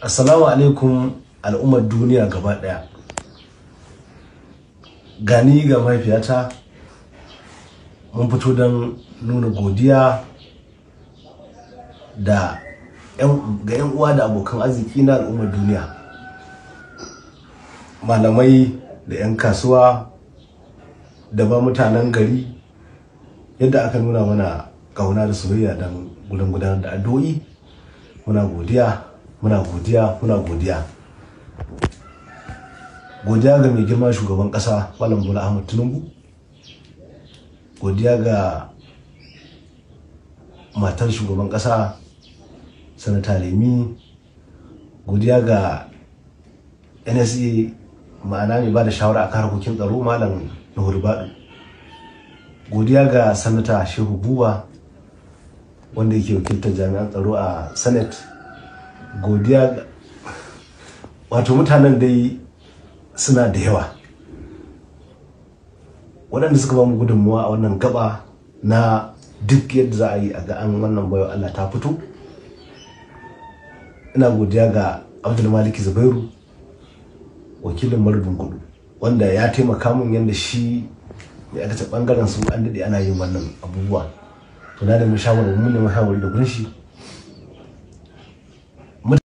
assalamu alaikum al'ummar duniya gaba daya gani ga mahaifiyata mun fito don nuna godiya da ga 'yan uwa da abokan arziki na al'ummar duniya malamai da 'yan kasuwa da ba mutanen gari yadda aka nuna mana kauna da soyayya don gudan gudanar da addu'o'i muna godiya muna godiya muna godiya godiya ga mai girma shugaban kasa malam bola ahmad tinubu godiya ga matar shugaban kasa sanata lemi godiya ga nsa ma'ana mai ba da shawara a harkokin tsaro malam nuhur baɗu godiya ga sanata shehu buba wanda yake wakiltar jami'an tsaro a senate godiya wato mutanen dai suna da yawa waɗanda suka ba mu gudunmuwa a wannan gaba na duk yadda za a yi a ga an wannan bayo Allah ta fito ina godiya ga abdul maliki zubairu wakilin marubin gudu wanda ya taimaka min yadda shi ya aka bangaren su an daɗe ana yin wannan abubuwa to na da mashawarar mun ne mashawarar da gurin shi